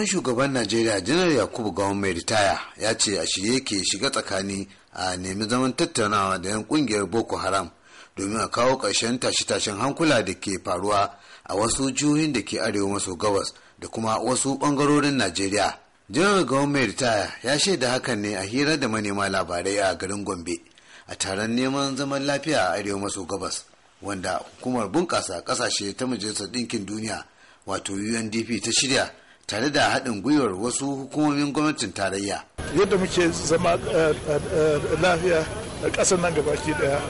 tsohon shugaban najeriya janar yakubu gawon mai ritaya ya ce a shirye ke shiga tsakani a nemi zaman tattaunawa da yan kungiyar boko haram domin a kawo ƙarshen tashe-tashen hankula da ke faruwa a wasu jihohin da ke arewa maso gabas da kuma wasu ɓangarorin najeriya janar gawon mai ritaya ya shaida hakan ne a hira da manema labarai a garin gombe a taron neman zaman lafiya a arewa maso gabas wanda hukumar bunƙasa ƙasashe ta majalisar ɗinkin duniya wato undp ta shirya tare da haɗin gwiwar wasu hukumomin gwamnatin tarayya. Yadda muke zama eh, eh, eh, lafiya a ƙasar nan gabaki daya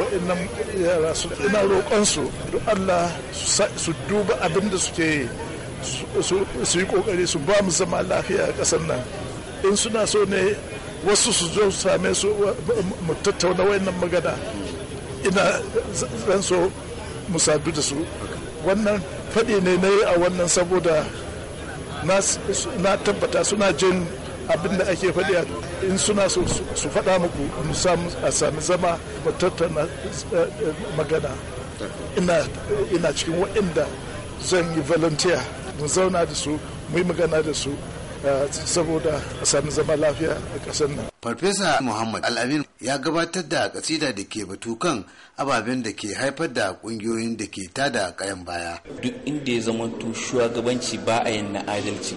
wa'annan yara su ina roƙonsu duk Allah su duba abin da suke yi su yi ƙoƙari su ba mu zama lafiya a ƙasar nan in suna so ne wasu su zo same su mu tattauna wa'annan magana ina zan so mu sadu da su wannan faɗi ne na yi a wannan saboda na tabbata suna jin abin da ake faɗi in suna so su faɗa muku a sami zama ba tattauna eh, eh, magana ina cikin waɗanda zan yi volunteer mu zauna da su mu yi magana da su saboda a sami zama lafiya a ƙasar nan. Farfesa Muhammad Al'amin ya gabatar da kasida da ke batu kan ababen da ke haifar da ƙungiyoyin da ke tada kayan baya. Duk inda ya zama shugabanci ba a yin na adalci,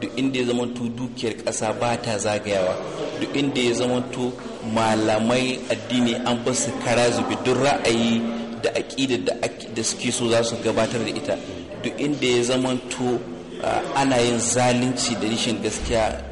duk inda ya zama dukiyar ƙasa ba ta zagayawa, duk inda ya zama malamai addini an ba su kara zube duk ra'ayi da aƙidar da suke so za su gabatar da ita, duk inda ya zama Ah, ana yin zalunci da rishin gaskiya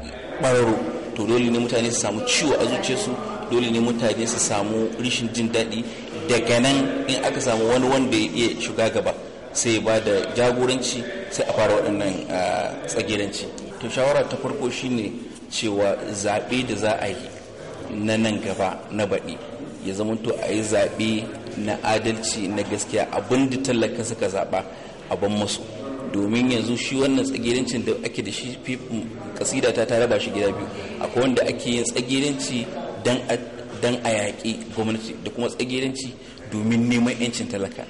ɓararo to dole ne mutane su samu ciwo a zuciyarsu dole ne mutane su samu rishin jin daɗi daga nan in aka samu wani wanda ya iya shiga gaba sai ya ba da jagoranci sai a fara waɗannan ah, tsagiranci to shawara ta farko shine cewa zaɓe da za a yi na nan gaba na baɗi ya zama to a yi zaɓe na adalci na gaskiya abin da tallaka suka zaɓa a ban masu domin yanzu shi wannan tsagirincin da ake da shi kasida ta raba shi gida biyu akwai wanda ake yin tsagirinci don a yaƙi gwamnati da kuma tsagirinci domin neman 'yancin talaka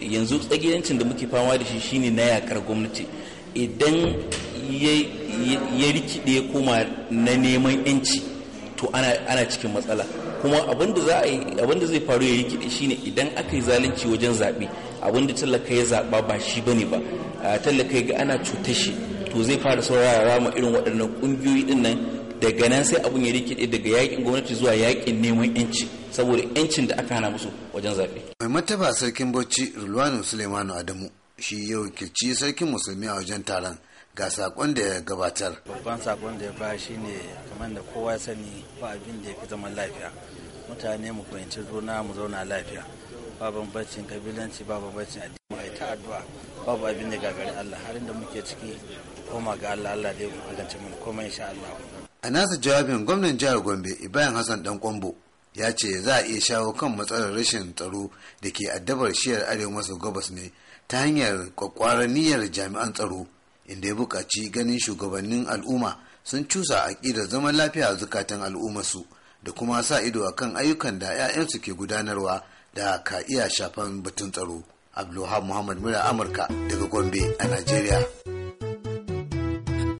yanzu tsagerancin da muke fama da shi shine na yakar gwamnati idan ya rikide ya koma na neman 'yanci to ana cikin matsala kuma abin da zai faru ya rikide shine idan aka yi zalunci wajen zaɓe abin da ya zaɓa ba shi bane ba tallaka ga ana cuta shi to zai fara saurara rama irin waɗannan ƙungiyoyi ɗin nan daga nan sai abin ya rikide daga yakin gwamnati zuwa yakin neman yanci saboda yancin da aka hana musu wajen zaɓe. mai mataba sarkin bacci rulwanu suleimanu adamu shi yau kirci sarkin musulmi a wajen taron ga sakon da ya gabatar. Babban sakon da ya ba shi ne kamar da kowa ya sani ba abin da ya fi zaman lafiya. Mutane mu fahimci juna mu zauna lafiya. Ba bambancin kabilanci ba bambancin addini ai ta addu'a babu abin da gagari Allah har inda muke ciki koma ga Allah Allah dai mu magance mu koma insha Allah. A nasa jawabin gwamnan jihar Gombe Ibrahim Hassan Dan Kwambo ya ce za a iya shawo kan matsalar rashin tsaro da ke addabar shiyar arewa maso gabas ne ta hanyar kwakwaran jami'an tsaro inda ya buƙaci ganin shugabannin al'umma sun cusa aƙidar zaman lafiya a zukatan al'ummarsu da kuma sa ido a kan ayyukan da 'ya'yansu ke gudanarwa da ka iya shafan batun tsaro. Abdullahi Muhammad Mura Amurka daga Gombe a Najeriya.